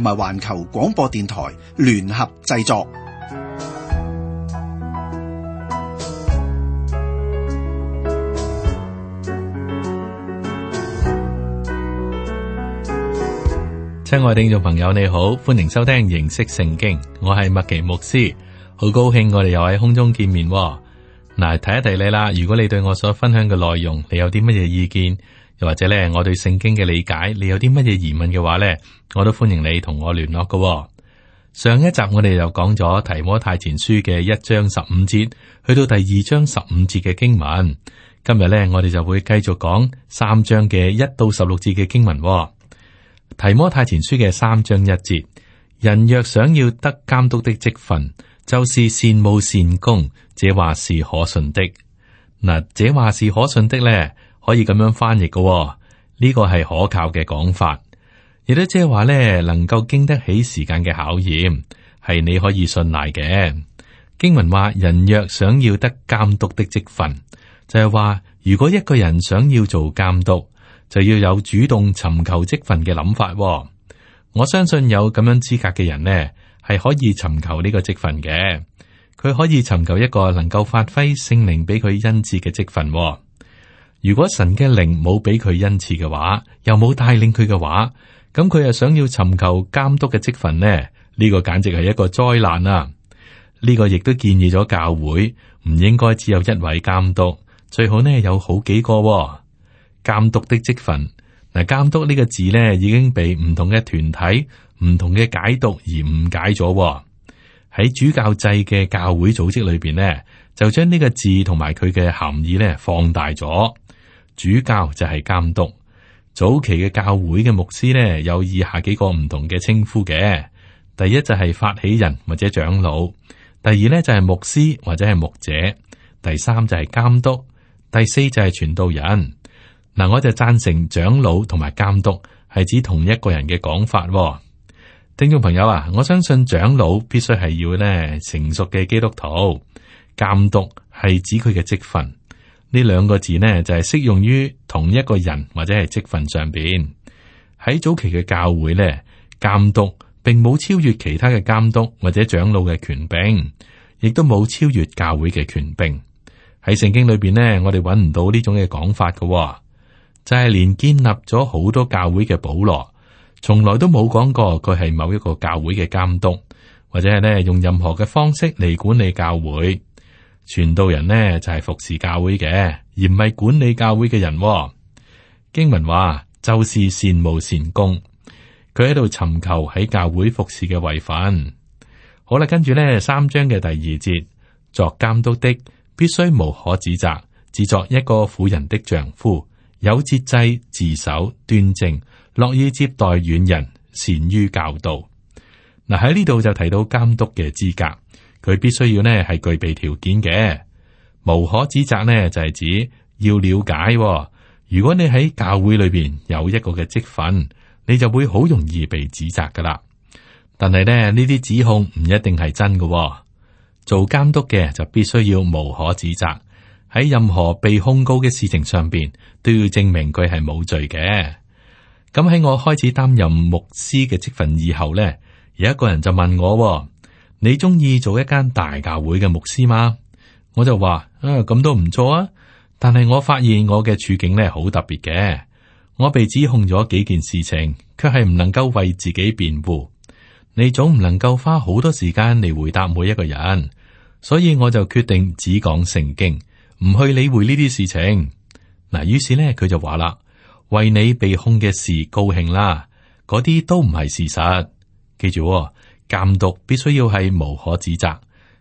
同埋環球廣播電台聯合製作。親愛聽眾朋友，你好，歡迎收聽認識聖經，我係麥奇牧師，好高興我哋又喺空中見面。嗱，提一提你啦，如果你對我所分享嘅內容，你有啲乜嘢意見？又或者咧，我對聖經嘅理解，你有啲乜嘢疑問嘅話呢，我都歡迎你同我聯絡嘅、哦。上一集我哋就講咗提摩太前書嘅一章十五節，去到第二章十五節嘅經文。今日呢，我哋就會繼續講三章嘅一到十六節嘅經文、哦。提摩太前書嘅三章一節，人若想要得監督的職分，就是羨慕善功，這話是可信的。嗱，這話是可信的呢。可以咁樣翻譯嘅、哦，呢個係可靠嘅講法，亦都即係話咧，能夠經得起時間嘅考驗，係你可以信賴嘅。經文話，人若想要得監督的職分，就係、是、話如果一個人想要做監督，就要有主動尋求職分嘅諗法、哦。我相信有咁樣資格嘅人呢，係可以尋求呢個職分嘅，佢可以尋求一個能夠發揮聖靈俾佢恩賜嘅職分。如果神嘅靈冇俾佢恩賜嘅話，又冇帶領佢嘅話，咁佢又想要尋求監督嘅職份呢？呢、這個簡直係一個災難啊！呢、這個亦都建議咗教會唔應該只有一位監督，最好呢有好幾個哦。監督嘅職份。嗱，監督呢個字呢已經被唔同嘅團體唔同嘅解讀而誤解咗、哦。喺主教制嘅教會組織裏邊呢，就將呢個字同埋佢嘅含義呢放大咗。主教就係監督，早期嘅教會嘅牧師呢，有以下幾個唔同嘅稱呼嘅。第一就係發起人或者長老，第二呢，就係牧師或者係牧者，第三就係監督，第四就係傳道人。嗱，我就贊成長老同埋監督係指同一個人嘅講法。聽眾朋友啊，我相信長老必須係要呢成熟嘅基督徒，監督係指佢嘅職份。呢兩個字呢，就係、是、適用於同一個人或者係職份上邊。喺早期嘅教會呢，監督並冇超越其他嘅監督或者長老嘅權柄，亦都冇超越教會嘅權柄。喺聖經裏邊呢，我哋揾唔到呢種嘅講法噶、哦，就係、是、連建立咗好多教會嘅保羅，從來都冇講過佢係某一個教會嘅監督，或者係呢，用任何嘅方式嚟管理教會。傳道人呢就係服侍教會嘅，而唔係管理教會嘅人。經文話，就是羨慕善工。佢喺度尋求喺教會服侍嘅位份。好啦，跟住呢三章嘅第二節，作監督的必須無可指責，只作一個婦人的丈夫，有節制、自守、端正，樂意接待遠人，善於教導。嗱，喺呢度就提到監督嘅資格。佢必須要呢係具備條件嘅，無可指責呢，就係指要了解、哦。如果你喺教會裏邊有一個嘅職份，你就會好容易被指責噶啦。但係呢，呢啲指控唔一定係真嘅、哦。做監督嘅就必須要無可指責，喺任何被控告嘅事情上邊都要證明佢係冇罪嘅。咁喺我開始擔任牧師嘅職份以後呢，有一個人就問我、哦。你中意做一間大教會嘅牧師嗎？我就話，啊咁都唔錯啊！但係我發現我嘅處境咧好特別嘅，我被指控咗幾件事情，卻係唔能夠為自己辯護。你總唔能夠花好多時間嚟回答每一個人，所以我就決定只講聖經，唔去理會呢啲事情。嗱，於是呢，佢就話啦：為你被控嘅事高興啦，嗰啲都唔係事實。記住哦。監督必須要係無可指責，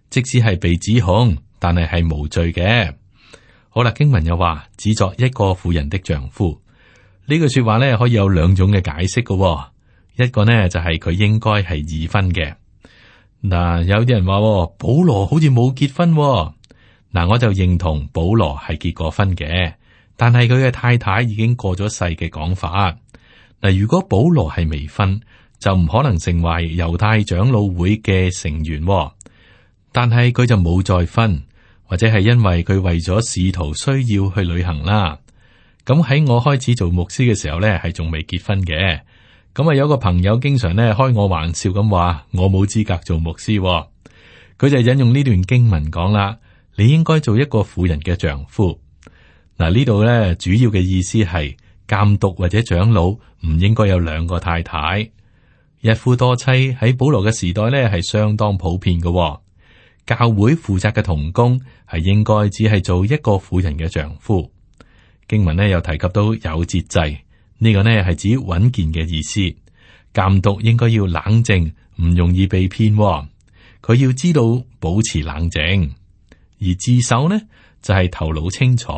即使係被指控，但係係無罪嘅。好啦，經文又話，只作一個婦人的丈夫，呢句說話咧可以有兩種嘅解釋嘅、哦。一個呢，就係、是、佢應該係已婚嘅。嗱、啊，有啲人話、哦、保羅好似冇結婚、哦，嗱、啊、我就認同保羅係結過婚嘅，但係佢嘅太太已經過咗世嘅講法。嗱、啊，如果保羅係未婚，就唔可能成為猶太長老會嘅成員、哦，但係佢就冇再婚，或者係因為佢為咗仕途需要去旅行啦。咁、嗯、喺我開始做牧師嘅時候呢，係仲未結婚嘅。咁、嗯、啊有個朋友經常咧開我玩笑咁話，我冇資格做牧師、哦。佢就引用呢段經文講啦：你應該做一個婦人嘅丈夫。嗱呢度呢，主要嘅意思係監督或者長老唔應該有兩個太太。一夫多妻喺保羅嘅時代咧係相當普遍嘅、哦。教會負責嘅同工係應該只係做一個婦人嘅丈夫。經文呢又提及到有節制，呢、這個呢係指穩健嘅意思。監督應該要冷靜，唔容易被騙、哦。佢要知道保持冷靜，而自守呢就係、是、頭腦清楚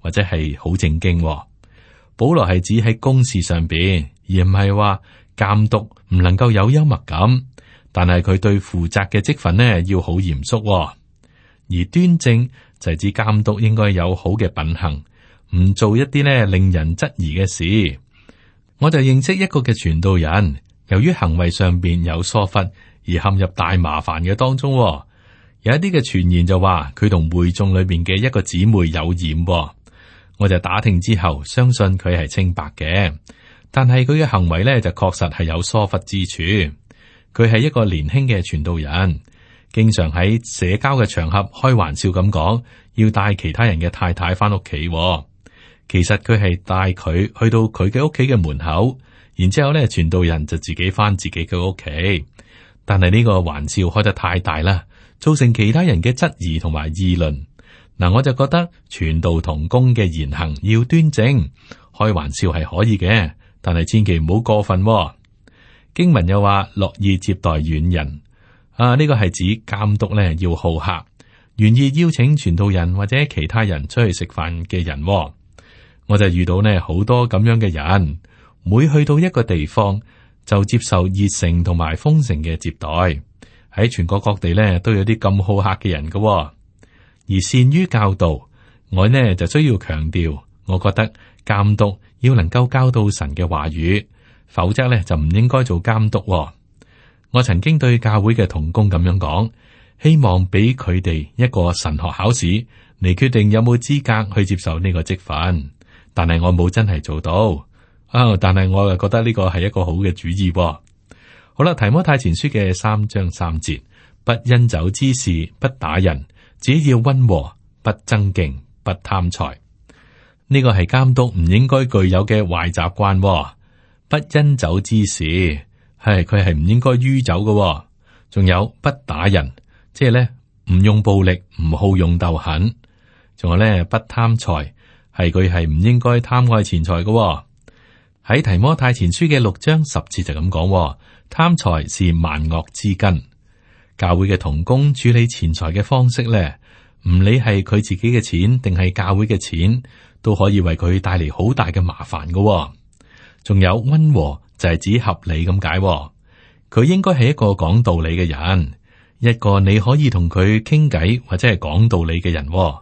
或者係好正經、哦。保羅係指喺公事上邊，而唔係話。監督唔能夠有幽默感，但係佢對負責嘅職份呢，要好嚴肅、哦。而端正就係指監督應該有好嘅品行，唔做一啲呢令人質疑嘅事。我就認識一個嘅傳道人，由於行為上邊有疏忽，而陷入大麻煩嘅當中、哦。有一啲嘅傳言就話佢同會眾裏邊嘅一個姊妹有染、哦，我就打聽之後，相信佢係清白嘅。但係佢嘅行為咧就確實係有疏忽之處。佢係一個年輕嘅傳道人，經常喺社交嘅場合開玩笑咁講，要帶其他人嘅太太翻屋企。其實佢係帶佢去到佢嘅屋企嘅門口，然之後咧傳道人就自己翻自己嘅屋企。但係呢個玩笑開得太大啦，造成其他人嘅質疑同埋議論。嗱、啊，我就覺得傳道同工嘅言行要端正，開玩笑係可以嘅。但係千祈唔好過分、哦。經文又話樂意接待遠人，啊、這個、呢個係指監督咧要好客，願意邀請傳道人或者其他人出去食飯嘅人、哦。我就遇到呢好多咁樣嘅人，每去到一個地方就接受熱誠同埋豐盛嘅接待。喺全國各地呢，都有啲咁好客嘅人嘅、哦。而善於教導，我呢就需要強調，我覺得。監督要能夠教導神嘅話語，否則咧就唔應該做監督、哦。我曾經對教會嘅同工咁樣講，希望俾佢哋一個神學考試，嚟決定有冇資格去接受呢個職份。但係我冇真係做到啊、哦！但係我又覺得呢個係一個好嘅主意、哦。好啦，提摩太前書嘅三章三節：不因酒滋事，不打人，只要溫和，不爭競，不貪財。呢個係監督唔應該具有嘅壞習慣、哦，「不因酒滋事」係佢係唔應該酗酒嘅。仲有不打人，即係咧唔用暴力，唔好用鬥狠。仲有咧不貪財，係佢係唔應該貪愛錢財嘅、哦。喺《提摩太前書》嘅六章十節就咁講、哦，貪財是萬惡之根。教會嘅同工處理錢財嘅方式咧，唔理係佢自己嘅錢，定係教會嘅錢。都可以為佢帶嚟好大嘅麻煩嘅、哦，仲有溫和就係指合理咁解、哦，佢應該係一個講道理嘅人，一個你可以同佢傾偈或者係講道理嘅人、哦，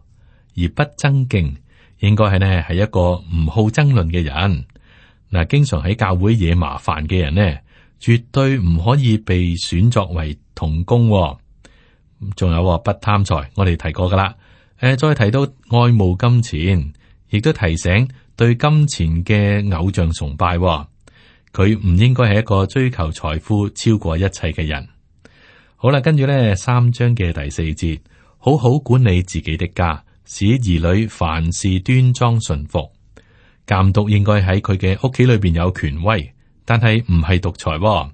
而不爭競，應該係呢係一個唔好爭論嘅人。嗱、啊，經常喺教會惹麻煩嘅人呢，絕對唔可以被選作為同工、哦。仲有不貪財，我哋提過噶啦。誒，再提到愛慕金錢。亦都提醒對金錢嘅偶像崇拜喎，佢唔應該係一個追求財富超過一切嘅人。好啦，跟住呢三章嘅第四節，好好管理自己的家，使兒女凡事端莊順服。監督應該喺佢嘅屋企裏邊有權威，但係唔係獨裁喎。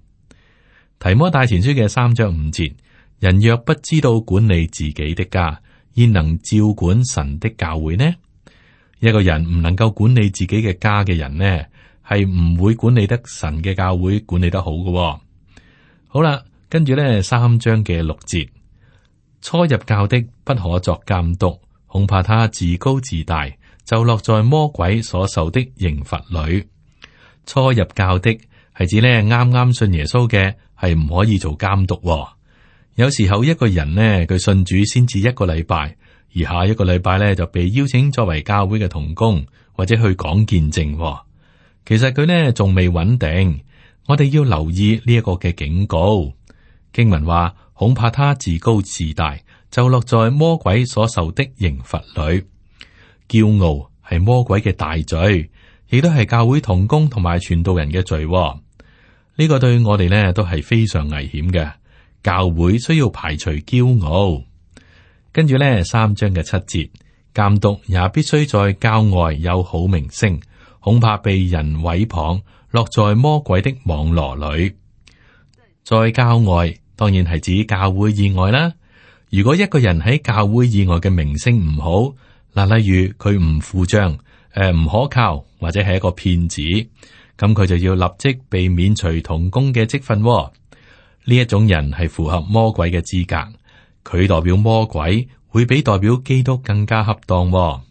提摩大前書嘅三章五節，人若不知道管理自己的家，焉能照管神的教會呢？一個人唔能夠管理自己嘅家嘅人呢，係唔會管理得神嘅教會管理得好嘅、哦。好啦，跟住咧三章嘅六節，初入教的不可作監督，恐怕他自高自大，就落在魔鬼所受的刑罰裏。初入教的係指咧啱啱信耶穌嘅，係唔可以做監督、哦。有時候一個人呢，佢信主先至一個禮拜。而下一個禮拜咧就被邀請作為教會嘅同工或者去講見證、哦。其實佢呢仲未穩定，我哋要留意呢一個嘅警告。經文話「恐怕他自高自大，就落在魔鬼所受的刑罰裏。驕傲係魔鬼嘅大罪，亦都係教會同工同埋傳道人嘅罪、哦。呢、這個對我哋呢都係非常危險嘅。教會需要排除驕傲。跟住咧，三章嘅七節，監督也必須在教外有好名聲，恐怕被人毀謗，落在魔鬼的網羅裏。在教外，當然係指教會以外啦。如果一個人喺教會以外嘅名聲唔好，嗱，例如佢唔付賬，誒、呃、唔可靠，或者係一個騙子，咁佢就要立即被免除同工嘅積分喎。呢一種人係符合魔鬼嘅資格。佢代表魔鬼，會比代表基督更加恰當、哦。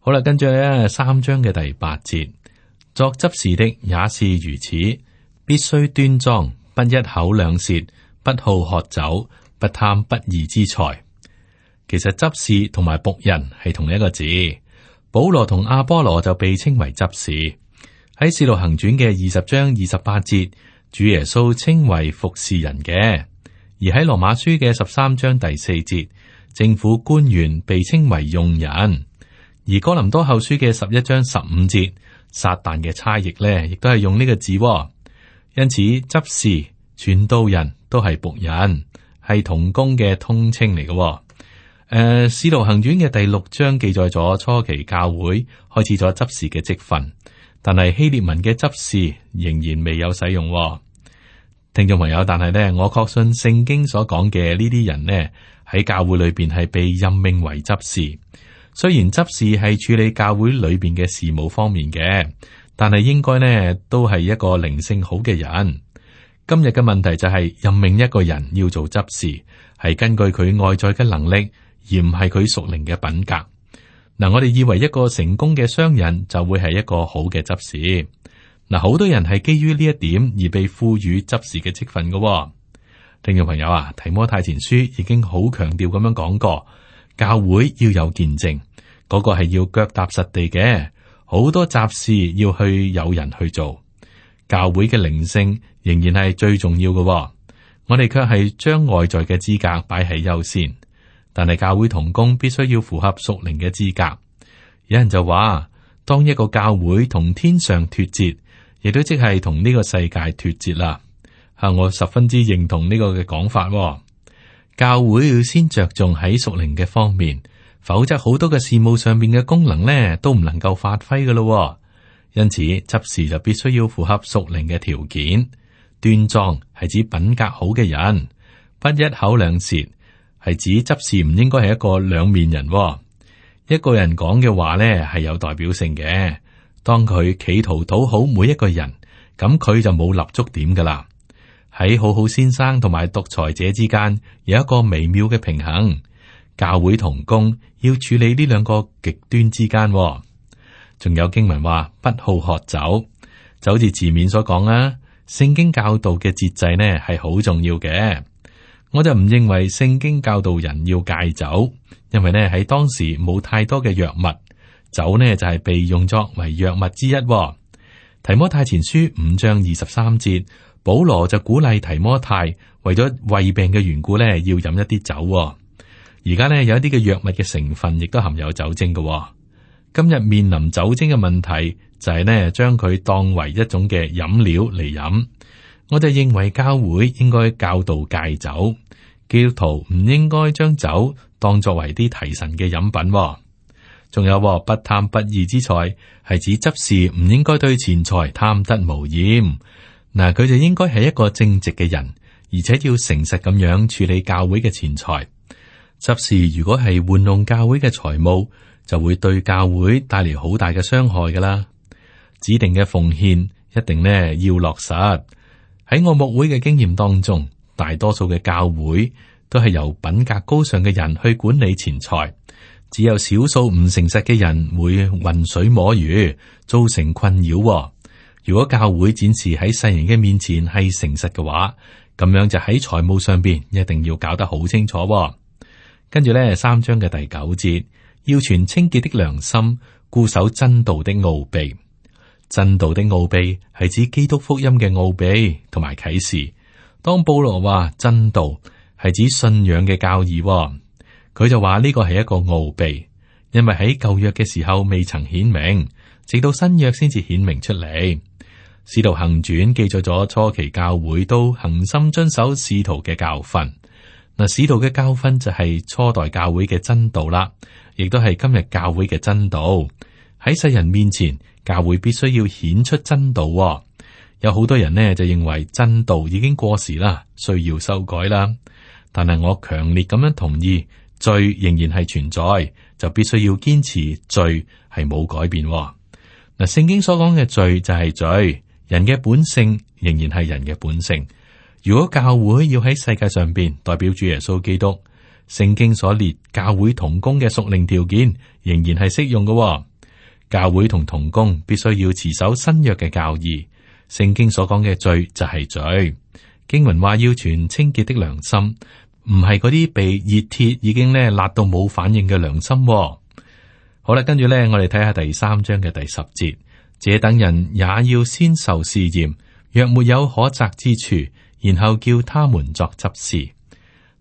好啦，跟住咧，三章嘅第八節，作執事的也是如此，必須端莊，不一口兩舌，不好喝酒，不貪不義之財。其實執事同埋僕人係同一個字。保羅同阿波羅就被稱為執事。喺《使徒行傳》嘅二十章二十八節，主耶穌稱為服侍人嘅。而喺羅馬書嘅十三章第四節，政府官員被稱為用人；而哥林多後書嘅十一章十五節，撒旦嘅差役呢，亦都係用呢個字，哦。因此，執事、傳道人都係僕人，係同工嘅通稱嚟嘅。誒、呃，使徒行傳嘅第六章記載咗初期教會開始咗執事嘅職份，但係希列文嘅執事仍然未有使用，哦。聽眾朋友，但係咧，我確信聖經所講嘅呢啲人咧，喺教會裏邊係被任命為執事。雖然執事係處理教會裏邊嘅事務方面嘅，但係應該咧都係一個靈性好嘅人。今日嘅問題就係任命一個人要做執事，係根據佢外在嘅能力，而唔係佢屬靈嘅品格。嗱，我哋以為一個成功嘅商人就會係一個好嘅執事。嗱，好多人係基於呢一點而被賦予執事嘅職份嘅。聽眾朋友啊，《提摩太前書》已經好強調咁樣講過，教會要有見證，嗰個係要腳踏實地嘅。好多雜事要去有人去做，教會嘅靈性仍然係最重要嘅、哦。我哋卻係將外在嘅資格擺喺優先，但係教會同工必須要符合屬靈嘅資格。有人就話，當一個教會同天上脱節。亦都即係同呢個世界脱節啦，吓，我十分之認同呢個嘅講法喎。教會要先着重喺屬靈嘅方面，否則好多嘅事務上面嘅功能呢都唔能夠發揮噶咯。因此執事就必須要符合屬靈嘅條件。端莊係指品格好嘅人，不一口兩舌係指執事唔應該係一個兩面人喎。一個人講嘅話呢係有代表性嘅。當佢企圖討好每一個人，咁佢就冇立足點㗎喇。喺好好先生同埋獨裁者之間，有一個微妙嘅平衡。教會同工要處理呢兩個極端之間。仲有經文話，不好喝酒，就好似字面所講啊。聖經教導嘅節制呢係好重要嘅。我就唔認為聖經教導人要戒酒，因為呢喺當時冇太多嘅藥物。酒呢就係、是、被用作為藥物之一、哦。提摩太前書五章二十三節，保羅就鼓勵提摩太為咗胃病嘅緣故呢，要飲一啲酒、哦。而家呢有一啲嘅藥物嘅成分亦都含有酒精嘅、哦。今日面臨酒精嘅問題就係呢將佢當為一種嘅飲料嚟飲。我哋認為教會應該教導戒酒，基督徒唔應該將酒當作為啲提神嘅飲品、哦。仲有喎，不貪不義之財，係指執事唔應該對錢財貪得無厭。嗱，佢就應該係一個正直嘅人，而且要誠實咁樣處理教會嘅錢財。執事如果係玩弄教會嘅財務，就會對教會帶嚟好大嘅傷害噶啦。指定嘅奉獻一定呢要落實。喺我牧會嘅經驗當中，大多數嘅教會都係由品格高尚嘅人去管理錢財。只有少數唔誠實嘅人會渾水摸魚，造成困擾，哦。如果教會展示喺世人嘅面前係誠實嘅話，咁樣就喺財務上邊一定要搞得好清楚，哦。跟住咧，三章嘅第九節，要存清潔的良心，固守真道的奧秘。真道的奧秘係指基督福音嘅奧秘同埋啟示。當保羅話真道係指信仰嘅教義，哦。佢就話呢個係一個奧秘，因為喺舊約嘅時候未曾顯明，直到新約先至顯明出嚟。使徒行傳記載咗初期教會都恆心遵守使徒嘅教訓。嗱，使徒嘅教訓就係初代教會嘅真道啦，亦都係今日教會嘅真道。喺世人面前，教會必須要顯出真道喎。有好多人呢就認為真道已經過時啦，需要修改啦。但係我強烈咁樣同意。罪仍然係存在，就必須要堅持罪係冇改變、哦。嗱，聖經所講嘅罪就係罪，人嘅本性仍然係人嘅本性。如果教會要喺世界上邊代表主耶穌基督，聖經所列教會同工嘅屬靈條件仍然係適用嘅、哦。教會同同工必須要持守新約嘅教義。聖經所講嘅罪就係罪。經文話要存清潔的良心。唔係嗰啲被熱鐵已經咧辣到冇反應嘅良心、哦。好啦，跟住咧，我哋睇下第三章嘅第十節，這等人也要先受試驗，若沒有可責之處，然後叫他們作執事。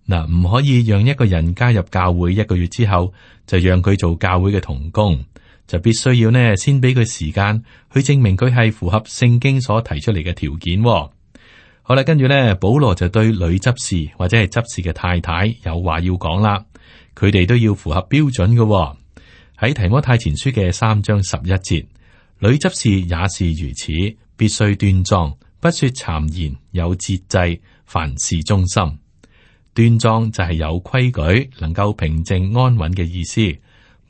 嗱，唔可以讓一個人加入教會一個月之後就讓佢做教會嘅同工，就必須要呢先俾佢時間去證明佢係符合聖經所提出嚟嘅條件、哦。好啦，跟住咧，保羅就對女執事或者係執事嘅太太有話要講啦。佢哋都要符合標準嘅、哦。喺提摩太前書嘅三章十一節，女執事也是如此，必須端莊，不說讒言，有節制，凡事忠心。端莊就係有規矩，能夠平靜安穩嘅意思。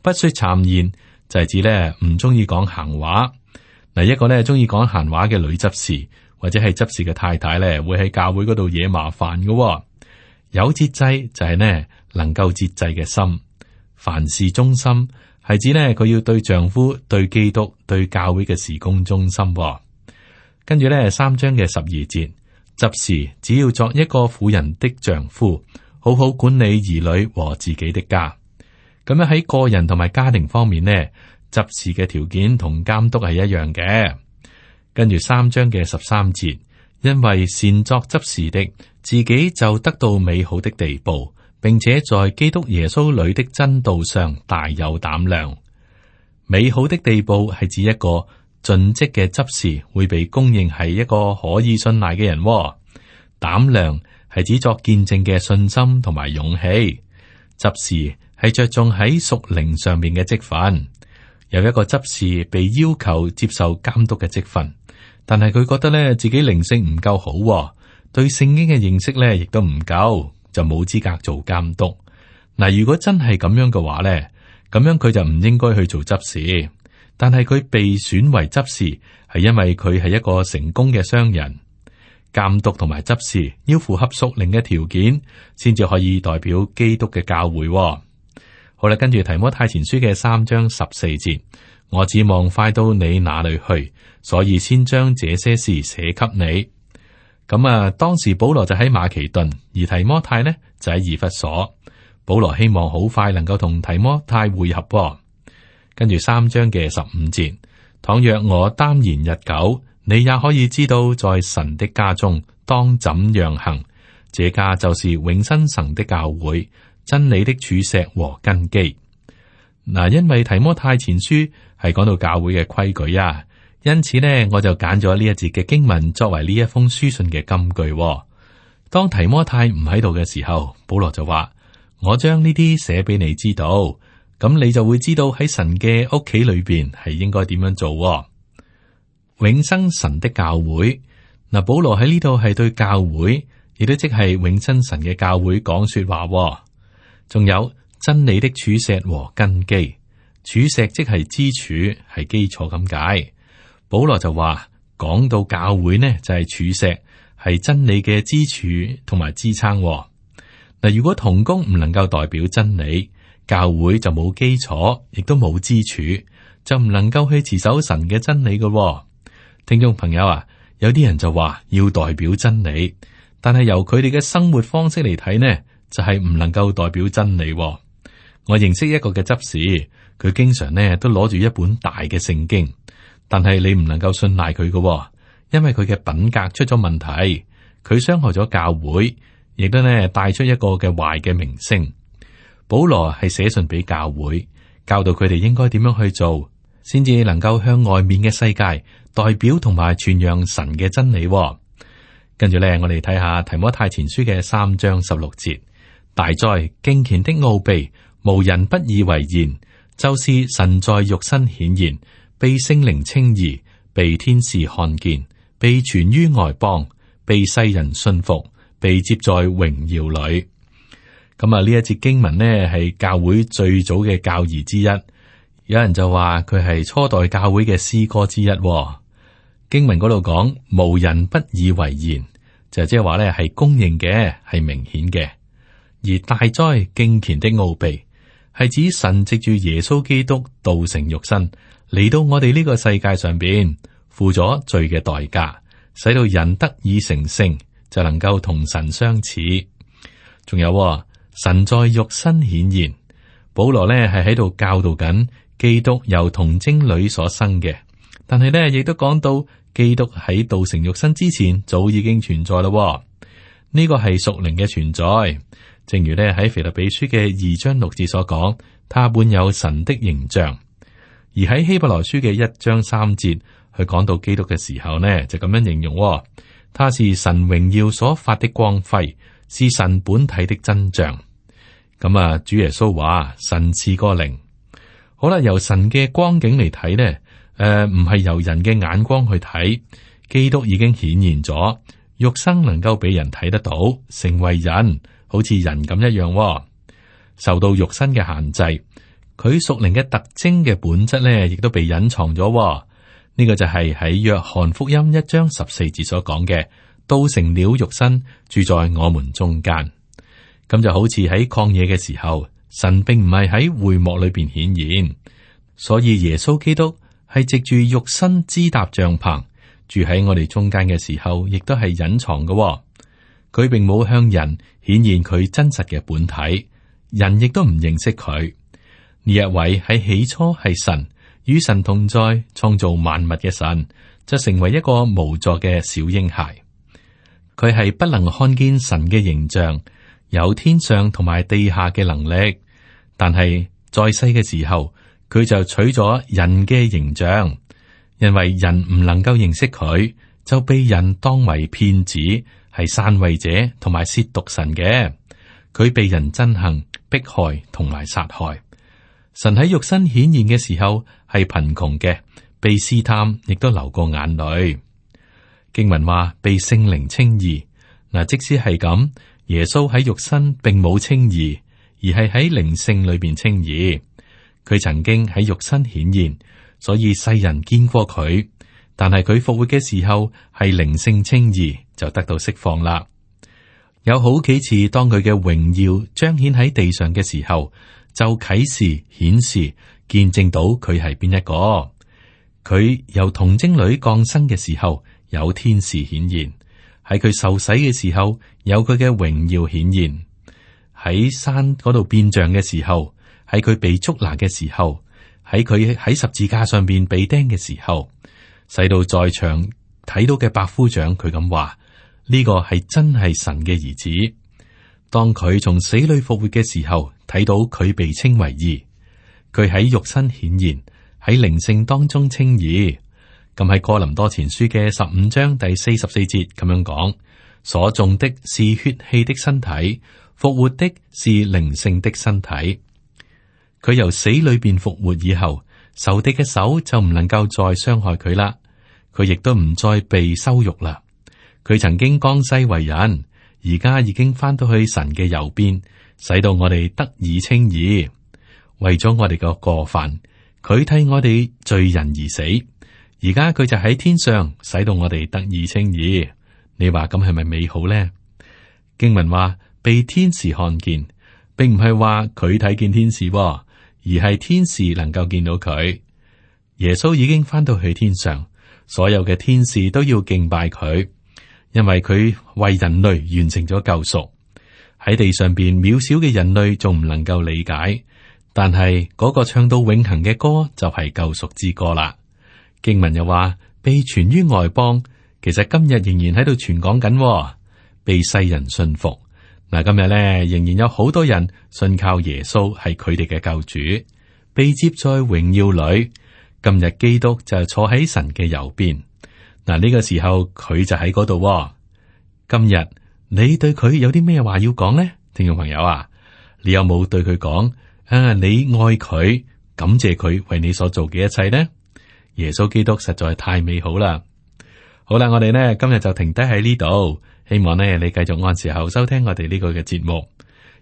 不說讒言就係、是、指咧唔中意講閒話。嗱，一個咧中意講閒話嘅女執事。或者係執事嘅太太咧，會喺教會嗰度惹麻煩嘅、哦。有節制就係呢，能夠節制嘅心，凡事忠心係指呢，佢要對丈夫、對基督、對教會嘅事工忠心、哦。跟住呢三章嘅十二節，執事只要作一個婦人的丈夫，好好管理兒女和自己的家。咁樣喺個人同埋家庭方面呢，執事嘅條件同監督係一樣嘅。跟住三章嘅十三節，因為善作執事的，自己就得到美好的地步，並且在基督耶穌裏的真道上大有膽量。美好的地步係指一個盡職嘅執事會被公認係一個可以信賴嘅人。膽量係指作見證嘅信心同埋勇氣。執事係着重喺屬靈上面嘅積分。有一個執事被要求接受監督嘅職分，但係佢覺得咧自己靈性唔夠好，對聖經嘅認識咧亦都唔夠，就冇資格做監督。嗱，如果真係咁樣嘅話咧，咁樣佢就唔應該去做執事。但係佢被選為執事，係因為佢係一個成功嘅商人。監督同埋執事要符合屬靈嘅條件，先至可以代表基督嘅教會。我哋跟住提摩太前書嘅三章十四節，我指望快到你那裏去，所以先將這些事寫給你。咁啊，當時保羅就喺馬其頓，而提摩太呢就喺以弗所。保羅希望好快能夠同提摩太會合噃。跟住三章嘅十五節，倘若我耽延日久，你也可以知道在神的家中當怎樣行。這家就是永生神的教會。真理的柱石和根基。嗱，因為提摩太前書係講到教會嘅規矩啊，因此呢，我就揀咗呢一節嘅經文作為呢一封書信嘅金句。當提摩太唔喺度嘅時候，保羅就話：我將呢啲寫俾你知道，咁你就會知道喺神嘅屋企裏邊係應該點樣做。永生神的教會，嗱，保羅喺呢度係對教會，亦都即係永生神嘅教會講說話。仲有真理的柱石和根基，柱石即係支柱，係基礎咁解。保羅就話，講到教會呢，就係、是、柱石，係真理嘅支柱同埋支撐。嗱，如果同工唔能夠代表真理，教會就冇基礎，亦都冇支柱，就唔能夠去持守神嘅真理嘅、哦。聽眾朋友啊，有啲人就話要代表真理，但係由佢哋嘅生活方式嚟睇呢？就係唔能夠代表真理，哦。我認識一個嘅執事，佢經常咧都攞住一本大嘅聖經，但係你唔能夠信賴佢嘅，因為佢嘅品格出咗問題，佢傷害咗教會，亦都咧帶出一個嘅壞嘅名聲。保羅係寫信俾教會，教導佢哋應該點樣去做，先至能夠向外面嘅世界代表同埋傳揚神嘅真理，哦。跟住咧，我哋睇下提摩太前書嘅三章十六節。大哉敬虔的奧祕，無人不以為然。就是神在肉身顯現，被聖靈稱義，被天使看見，被傳於外邦，被世人信服，被接在榮耀裏。咁啊，呢一節經文呢，係教會最早嘅教義之一。有人就話佢係初代教會嘅詩歌之一。經文嗰度講，無人不以為然，就即係話咧係公認嘅，係明顯嘅。而大哉敬虔的奧秘，係指神藉住耶穌基督道成肉身嚟到我哋呢個世界上邊，付咗罪嘅代價，使到人得以成聖，就能夠同神相似。仲有神在肉身顯現，保羅呢係喺度教導緊，基督由童貞女所生嘅，但係呢亦都講到基督喺道成肉身之前，早已經存在啦。呢個係屬靈嘅存在。正如咧喺《腓立比書》嘅二章六節所講，他本有神的形象；而喺《希伯來書》嘅一章三節，佢講到基督嘅時候呢，就咁樣形容：他是神榮耀所發的光輝，是神本體的真像。咁啊，主耶穌話：神是個靈。好啦，由神嘅光景嚟睇呢，誒、呃，唔係由人嘅眼光去睇基督，已經顯現咗肉身能夠俾人睇得到，成為人。好似人咁一樣、哦，受到肉身嘅限制，佢屬靈嘅特徵嘅本質咧，亦都被隱藏咗、哦。呢、這個就係喺約翰福音一章十四節所講嘅，道成了肉身，住在我們中間。咁就好似喺曠野嘅時候，神並唔係喺會幕裏邊顯現，所以耶穌基督係藉住肉身支搭帳篷，住喺我哋中間嘅時候，亦都係隱藏嘅、哦。佢並冇向人顯現佢真實嘅本體，人亦都唔認識佢。呢一位喺起初係神，與神同在，創造萬物嘅神，就成為一個無助嘅小嬰孩。佢係不能看見神嘅形象，有天上同埋地下嘅能力，但係在世嘅時候，佢就取咗人嘅形象，因為人唔能夠認識佢，就被人當為騙子。係散位者同埋褻瀆神嘅，佢被人憎恨、迫害同埋殺害。神喺肉身顯現嘅時候係貧窮嘅，被試探亦都流過眼淚。經文話被聖靈稱義，嗱，即使係咁，耶穌喺肉身並冇稱義，而係喺靈性裏邊稱義。佢曾經喺肉身顯現，所以世人見過佢。但係佢復活嘅時候係靈性清義，就得到釋放啦。有好幾次，當佢嘅榮耀彰顯喺地上嘅時候，就啟示顯示見證到佢係邊一個。佢由童貞女降生嘅時候，有天使顯現；喺佢受洗嘅時候，有佢嘅榮耀顯現；喺山嗰度變像嘅時候，喺佢被捉拿嘅時候，喺佢喺十字架上邊被釘嘅時候。使到在場睇到嘅百夫長，佢咁話：呢個係真係神嘅兒子。當佢從死裏復活嘅時候，睇到佢被稱為義，佢喺肉身顯現，喺靈性當中稱義。咁喺哥林多前書嘅十五章第四十四節咁樣講：所種的是血氣的身體，復活的是靈性的身體。佢由死裏面復活以後。仇敵嘅手就唔能夠再傷害佢啦，佢亦都唔再被羞辱啦。佢曾經江西為人，而家已經返到去神嘅右邊，使到我哋得以稱義。為咗我哋嘅過犯，佢替我哋罪人而死。而家佢就喺天上，使到我哋得以稱義。你話咁係咪美好呢？經文話被天使看見，並唔係話佢睇見天使，哦。而係天使能夠見到佢，耶穌已經翻到去天上，所有嘅天使都要敬拜佢，因為佢為人類完成咗救贖。喺地上邊渺小嘅人類仲唔能夠理解，但係嗰個唱到永恆嘅歌就係救贖之歌啦。經文又話被傳於外邦，其實今日仍然喺度傳講緊，被世人信服。嗱，今日咧仍然有好多人信靠耶穌，係佢哋嘅救主，被接在榮耀裏。今日基督就坐喺神嘅右邊。嗱，呢個時候佢就喺嗰度。今日你對佢有啲咩話要講咧？聽眾朋友啊，你有冇對佢講啊？你愛佢，感謝佢為你所做嘅一切咧？耶穌基督實在太美好啦！好啦，我哋咧今日就停低喺呢度。希望呢，你繼續按時候收聽我哋呢個嘅節目。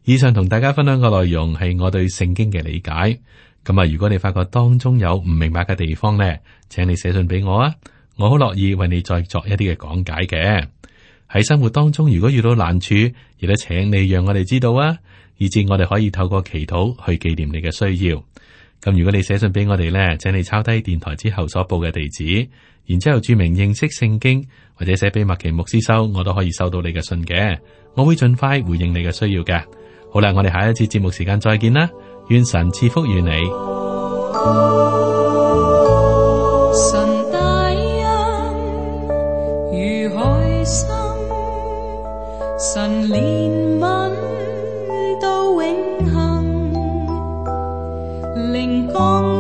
以上同大家分享嘅內容係我對聖經嘅理解。咁啊，如果你發覺當中有唔明白嘅地方呢，請你寫信俾我啊，我好樂意為你再作一啲嘅講解嘅。喺生活當中，如果遇到難處，亦都請你讓我哋知道啊，以致我哋可以透過祈禱去紀念你嘅需要。咁如果你寫信俾我哋呢，請你抄低電台之後所報嘅地址，然之後注明認識聖經，或者寫俾麥琪牧師收，我都可以收到你嘅信嘅，我會盡快回應你嘅需要嘅。好啦，我哋下一次節目時間再見啦，願神賜福與你。神大恩如海深，神憐